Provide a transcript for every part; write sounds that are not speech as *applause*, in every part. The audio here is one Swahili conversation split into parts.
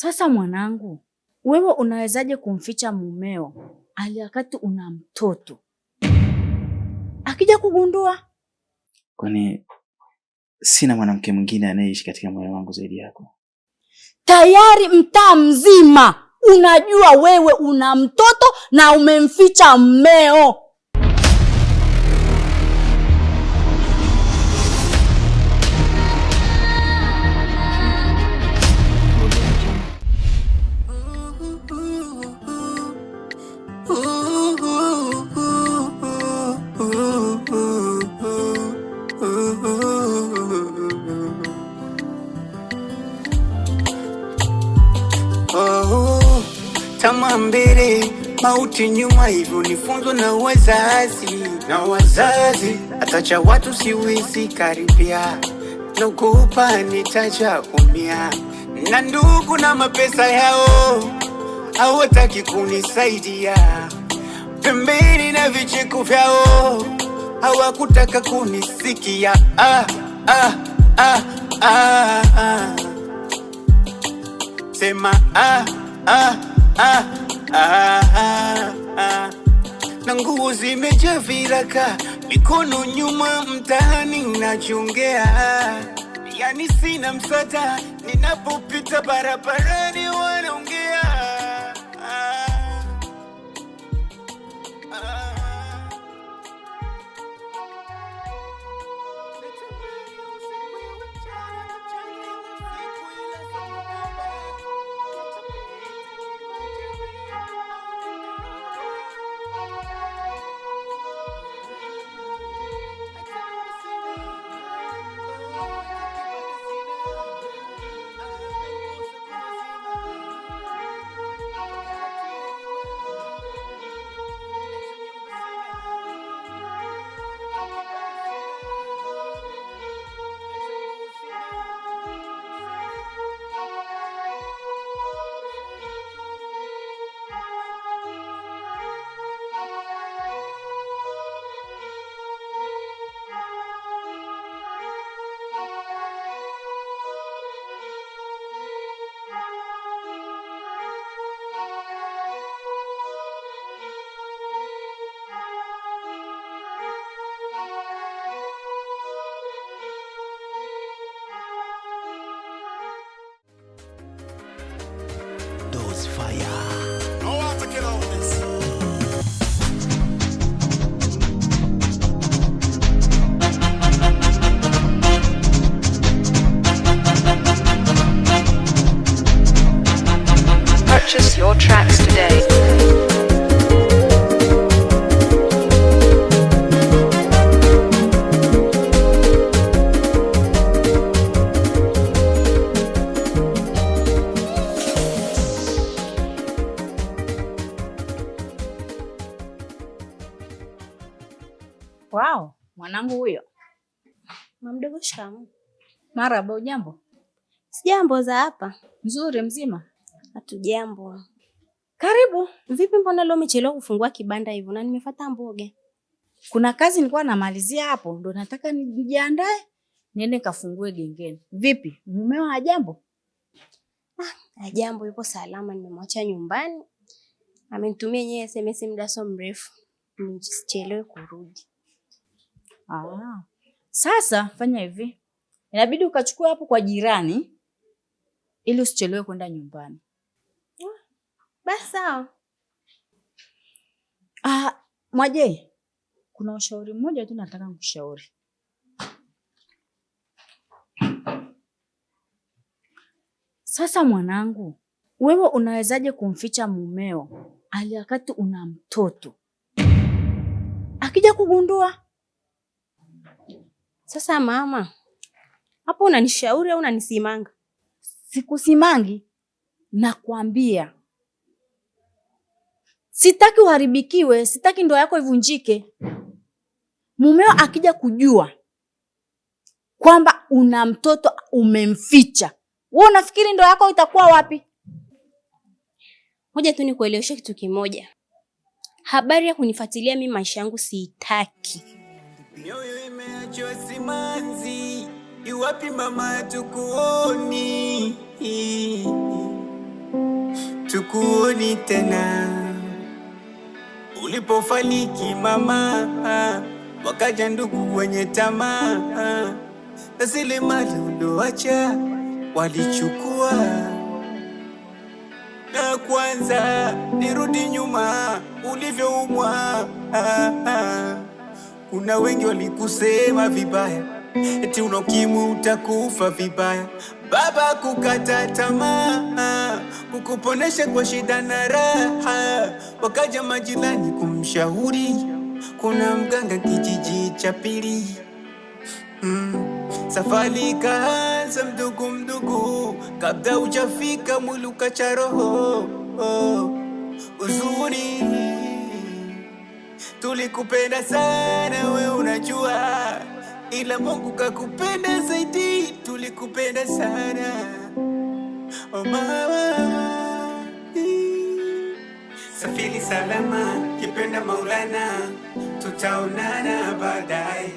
Sasa mwanangu, wewe unawezaje kumficha mumeo wakati una mtoto akija kugundua? Kwani sina mwanamke mwingine anayeishi katika moyo wangu zaidi yako? Tayari mtaa mzima unajua wewe una mtoto na umemficha mmeo. mauti nyuma, hivyo nifunzwa na wazazi na wazazi, atacha watu siwezi karibia, naogopa nitaja umia, na ndugu na mapesa yao hawataki kunisaidia, pembeni na vicheko vyao hawakutaka kunisikia. ah, ah, ah, ah, ah. Sema ah, ah, ah. Ah, ah, ah. Na nguo zimejaa viraka, mikono nyuma, mtaani unachongea, yani sina msata ninapopita barabarani wanaongea those fire. Wow, mwanangu huyo. Mamdogo, shikamoo. Marahaba. Ujambo? Sijambo. Za hapa? Nzuri. Mzima? Hatujambo. Karibu. Vipi, mbona leo umechelewa kufungua kibanda hivyo? Na nimefuata mboga. Kuna kazi nilikuwa namalizia hapo, ndo nataka nijiandae niende kafungue gengeni. Vipi, mumeo hajambo? Ah, hajambo, yuko salama, nimemwacha nyumbani. Amenitumia yeye SMS muda so mrefu, nisichelewe kurudi. Ah. sasa fanya hivi, inabidi ukachukua hapo kwa jirani ili usichelewe kwenda nyumbani. Basi sawa. Ah, Mwaje, kuna ushauri mmoja tu nataka nikushauri. Sasa mwanangu, wewe unawezaje kumficha mumeo ali wakati una mtoto? Akija kugundua sasa mama, hapo unanishauri au unanisimanga? Sikusimangi, nakwambia sitaki uharibikiwe, sitaki ndoa yako ivunjike. Mumeo akija kujua kwamba una mtoto umemficha, wewe unafikiri ndoa yako itakuwa wapi? Moja tu nikueleweshe kitu kimoja, habari ya kunifuatilia mimi maisha yangu siitaki macho simanzi, iwapi mama, tukuoni tukuoni tena. Ulipofariki mama, wakaja ndugu wenye tamaa, na zile mali ulioacha walichukua, na kwanza nirudi nyuma ulivyoumwa kuna wengi walikusema vibaya, eti una ukimwi utakufa vibaya. Baba kukata tamaa, kukuponesha kwa shida na raha, wakaja majirani kumshauri, kuna mganga kijiji cha pili. Mm. Safari kaanza mdugu mdugu, kabla ujafika mwiluka cha roho oh. Uzuri Tulikupenda sana we unajua, ila Mungu kakupenda zaidi. Tulikupenda sana oh mama, safiri salama kipenda Maulana, tutaonana baadaye.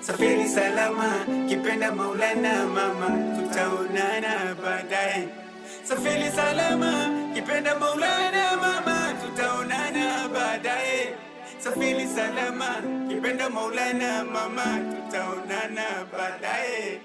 Safiri salama kipenda Maulana, mama, tutaonana baadaye. Safiri salama kipenda Maulana, mama safiri salama, kipenda Maulana, mama tutaonana baadaye.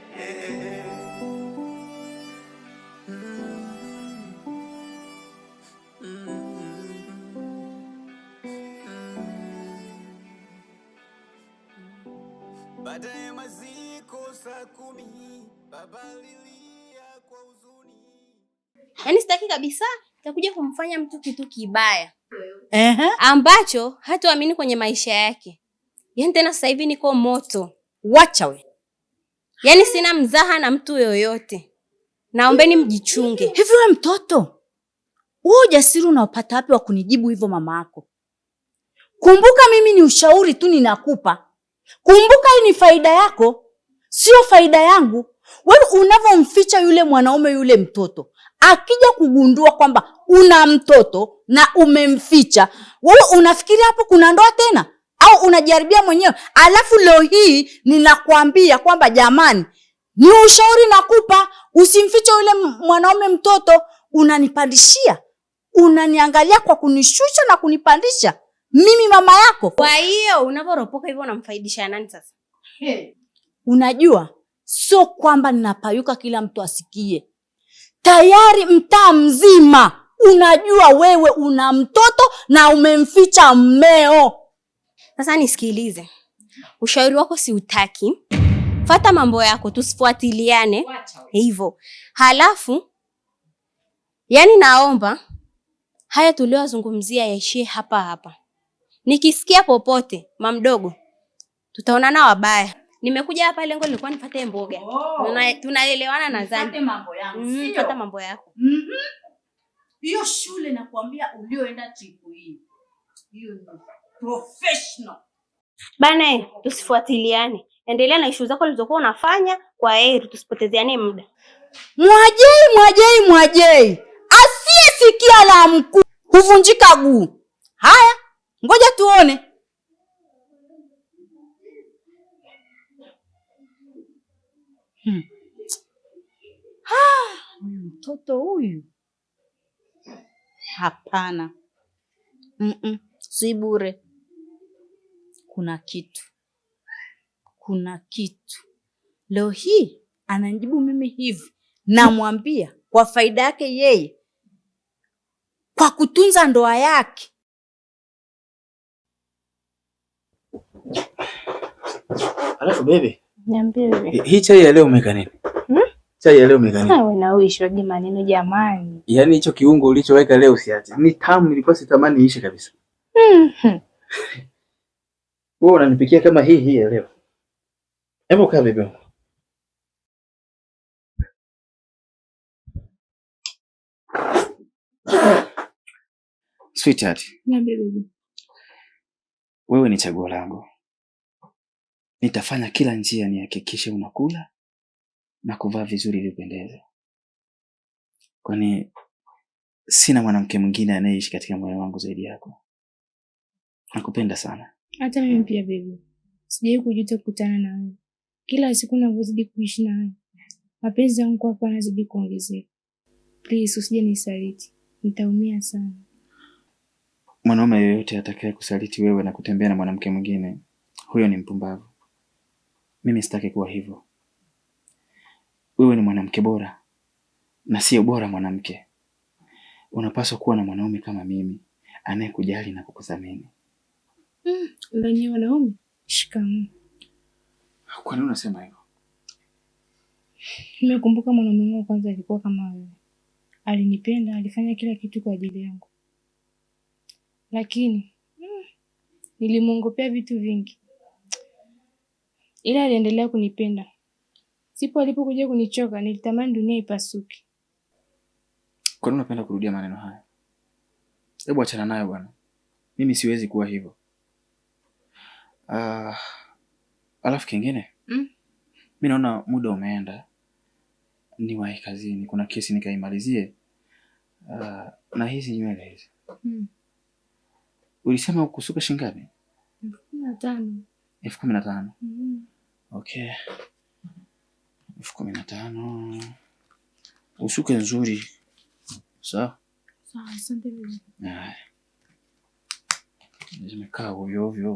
Baada ya maziko saa kumi, baba lilia kwa huzuni. Yaani sitaki kabisa takuja kumfanya mtu kitu kibaya uh-huh. ambacho hatuamini kwenye maisha yake. Yaani tena sasa hivi niko moto, wacha we, yaani sina mzaha na mtu yoyote, naombeni mjichunge. Hivi we mtoto, huo ujasiri unaopata wapi wa kunijibu hivyo mama yako? Kumbuka mimi ni ushauri tu ninakupa. Kumbuka hii ni faida yako, sio faida yangu. Wewe unavyomficha yule mwanaume yule mtoto, akija kugundua kwamba una mtoto na umemficha wewe, unafikiri hapo kuna ndoa tena au unajaribia mwenyewe? Alafu leo hii ninakwambia kwamba jamani, ni ushauri nakupa, usimfiche yule mwanaume mtoto. Unanipandishia, unaniangalia kwa kunishusha na kunipandisha mimi mama yako. Kwa hiyo unavoropoka hivyo unamfaidisha nani sasa? Unajua sio kwamba ninapayuka kila mtu asikie tayari mtaa mzima unajua wewe una mtoto na umemficha mmeo. Sasa nisikilize, ushauri wako siutaki, fata mambo yako, tusifuatiliane hivyo. Halafu yani, naomba haya tuliyozungumzia yaishie hapa hapa. Nikisikia popote, mamdogo, tutaonana wabaya. Nimekuja hapa lengo lilikuwa nipate mboga. Oh. Tunaelewana nadhani. Mambo yangu. Mm, sio mambo yako. Mhm. hiyo shule nakwambia ulioenda tripu hii. Hiyo ni professional. Bana, tusifuatiliane. Endelea na issue zako ulizokuwa unafanya, kwa heri tusipotezeane muda. Mwajei, mwajei, mwajei. Asiyesikia la mkuu huvunjika guu. Haya, ngoja tuone. Hmm. Ah, huyu mtoto huyu, hapana. mm -mm. Si bure, kuna kitu, kuna kitu. Leo hii ananijibu mimi hivi, namwambia kwa faida yake yeye, kwa kutunza ndoa yake alafu bebe hii chai ya leo umeweka nini? Hmm? Chai ya leo umeweka nini? na uisho je maneno jamani. Yaani hicho kiungo ulichoweka leo usiache. Ni tamu nilikuwa sitamani iishe kabisa. Mhm. *laughs* Wewe unanipikia kama hii hii ya leo. Hebu kaa bebe. Sweetheart. Niambie baby. Wewe ni chaguo langu. Nitafanya kila njia nihakikishe unakula na kuvaa vizuri ili upendeze, kwani sina mwanamke mwingine anayeishi katika moyo wangu zaidi yako. Nakupenda sana. Hata mimi pia baby, sijawahi kujuta kukutana na wewe. Kila siku navyozidi kuishi na wewe, mapenzi yangu kwako yanazidi kuongezeka. Please usije nisaliti, nitaumia sana. Mwanaume yeyote atakaye kusaliti wewe na kutembea na mwanamke mwingine, huyo ni mpumbavu. Mimi sitaki kuwa hivyo. Wewe ni mwanamke bora na sio bora mwanamke. Unapaswa kuwa na mwanaume kama mimi anayekujali na kukuthamini. Mm, ndani wanaume. Shikamoo. Kwa nini unasema hivyo? Nimekumbuka mwanaume wangu kwanza alikuwa kama wewe. Alinipenda, alifanya kila kitu kwa ajili yangu, lakini mm, nilimwongopea vitu vingi ila aliendelea kunipenda. Sipo alipokuja kunichoka, nilitamani dunia ipasuke. Kwa nini unapenda kurudia maneno haya? Hebu achana nayo bwana, mimi siwezi kuwa hivyo. Uh, alafu kingine mm? Mi naona muda umeenda, niwahi kazini, kuna kesi nikaimalizie. Uh, ah, na hizi nywele hizi mm. Ulisema kusuka shingapi? elfu kumi na tano. elfu kumi na tano mm. Okay, elfu kumi na tano usuke nzuri sawa. Zimekaa ovyo ovyo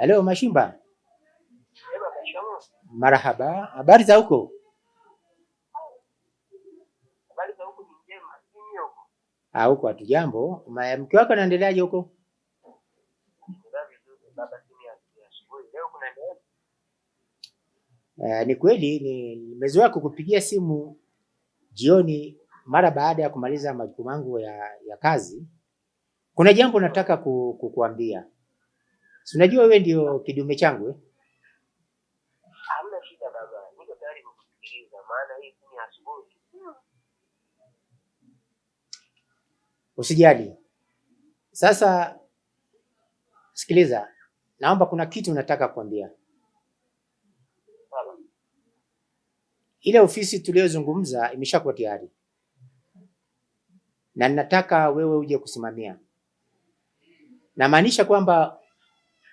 Halo Mashimba, marahaba, habari za huko? Ah, huko jambo. Mke wako anaendeleaje huko? Uh, ni kweli nimezoea kukupigia simu jioni mara baada ya kumaliza majukumu yangu ya, ya kazi. Kuna jambo nataka kukuambia. Si unajua wewe ndio kidume changu eh? Usijali. Sasa sikiliza. Naomba kuna kitu nataka kuambia. Ile ofisi tuliyozungumza imeshakuwa tayari na nataka wewe uje kusimamia. Namaanisha kwamba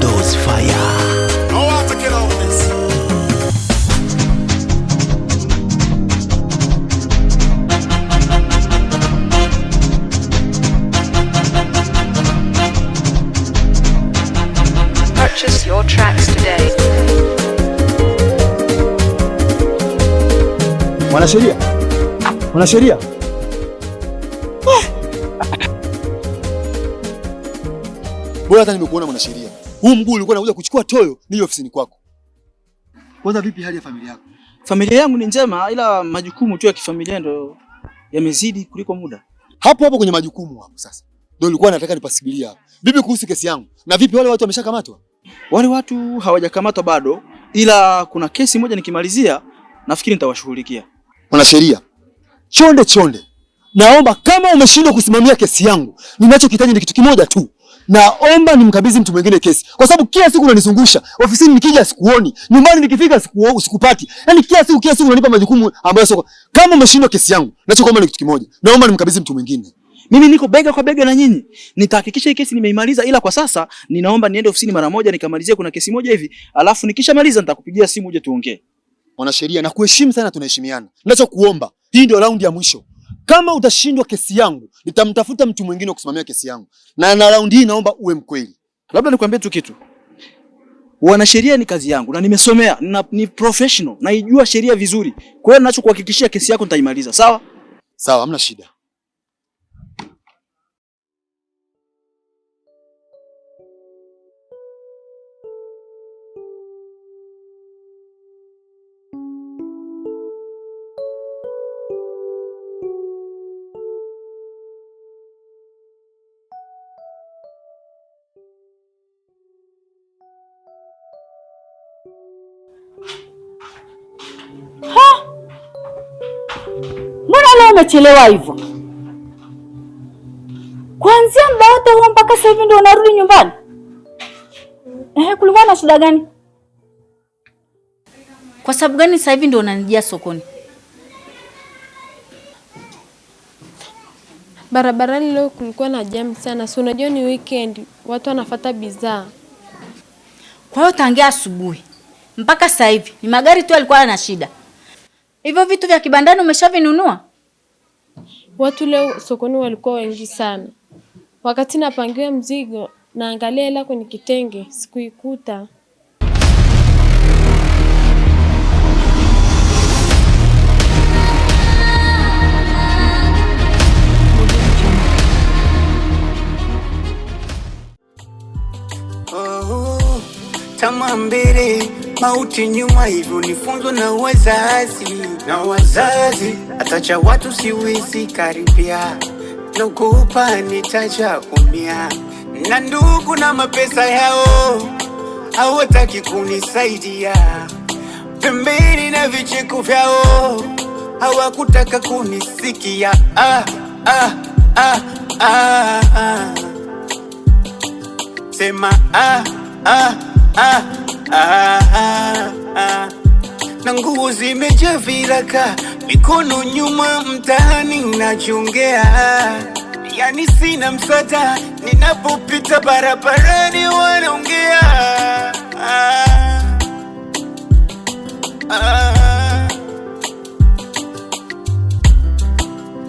Those fire. Know how to get out this. Purchase your tracks today. Bora hata nimekuona mwanasheria. Huu mguu ulikuwa unakuja kuchukua toyo ni ofisini kwako. Kwanza vipi hali ya familia yako? Familia yangu ni njema ila majukumu tu ya kifamilia ndio yamezidi kuliko muda. Hapo hapo kwenye majukumu hapo sasa. Ndio nilikuwa nataka nipasibilia Vipi kuhusu kesi yangu? Na vipi wale watu wameshakamatwa? Wale watu hawajakamatwa bado ila kuna kesi moja nikimalizia nafikiri nitawashughulikia. Mwanasheria, chonde chonde. Naomba kama umeshindwa kusimamia kesi yangu, ninachokitaji ni kitu kimoja tu naomba nimkabidhi mtu mwingine kesi, kwa sababu kila siku unanizungusha ofisini, nikija sikuoni, nyumbani nikifika sikupati, yani kila siku kila siku unanipa majukumu ambayo sio. Kama umeshindwa kesi yangu, nachokuomba ni kitu kimoja, naomba nimkabidhi mtu mwingine. Mimi niko bega kwa bega na nyinyi, nitahakikisha hii kesi nimeimaliza, ila kwa sasa ninaomba niende ofisini mara moja nikamalizie, kuna kesi moja hivi, alafu nikishamaliza nitakupigia simu uje tuongee. Mwanasheria, na kuheshimu sana, tunaheshimiana. Nachokuomba, hii ndio raundi ya mwisho. Kama utashindwa kesi yangu, nitamtafuta mtu mwingine wa kusimamia kesi yangu, na na raundi hii naomba uwe mkweli. Labda nikwambie tu kitu, wanasheria ni kazi yangu na nimesomea na, ni professional naijua sheria vizuri. Kwa hiyo ninachokuhakikishia kesi yako nitaimaliza. Sawa sawa, hamna shida. umechelewa hivyo? Kuanzia muda wote huo mpaka sasa hivi ndio unarudi nyumbani? Eh, kulikuwa na shida gani? Kwa sababu gani sasa hivi ndio unanijia sokoni? Barabarani leo kulikuwa na jamu sana, si unajua ni weekend, watu wanafata bidhaa. Kwa hiyo tangia asubuhi mpaka sasa hivi ni magari tu yalikuwa yana shida. Hivyo vitu vya kibandani umeshavinunua? Watu leo sokoni walikuwa wengi sana. Wakati napangiwa mzigo, naangalia hela kwenye kitenge, sikuikuta. Oh, Tama mbele mauti nyuma, hivyo nifunzwe na wazazi na wazazi atacha watu siwizi karibia, naogopa tacha umia, na ndugu na mapesa yao hawataki kunisaidia, pembeni na vicheku vyao hawakutaka kunisikia. Ah, ah, ah, ah, ah. Sema ah, ah, ah, ah, ah, ah na nguo zimejaa viraka, mikono nyuma, mtaani nachongea, yani sina msada, ninapopita barabarani wanaongea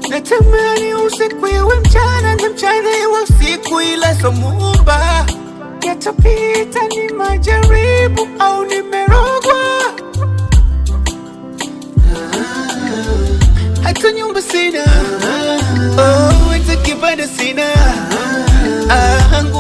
Natamani usiku iwe mchana na mchana iwe usiku, ila somumba yatapita, ni majaribu au nimerogwa over the sinner. Uh-huh. uh-huh.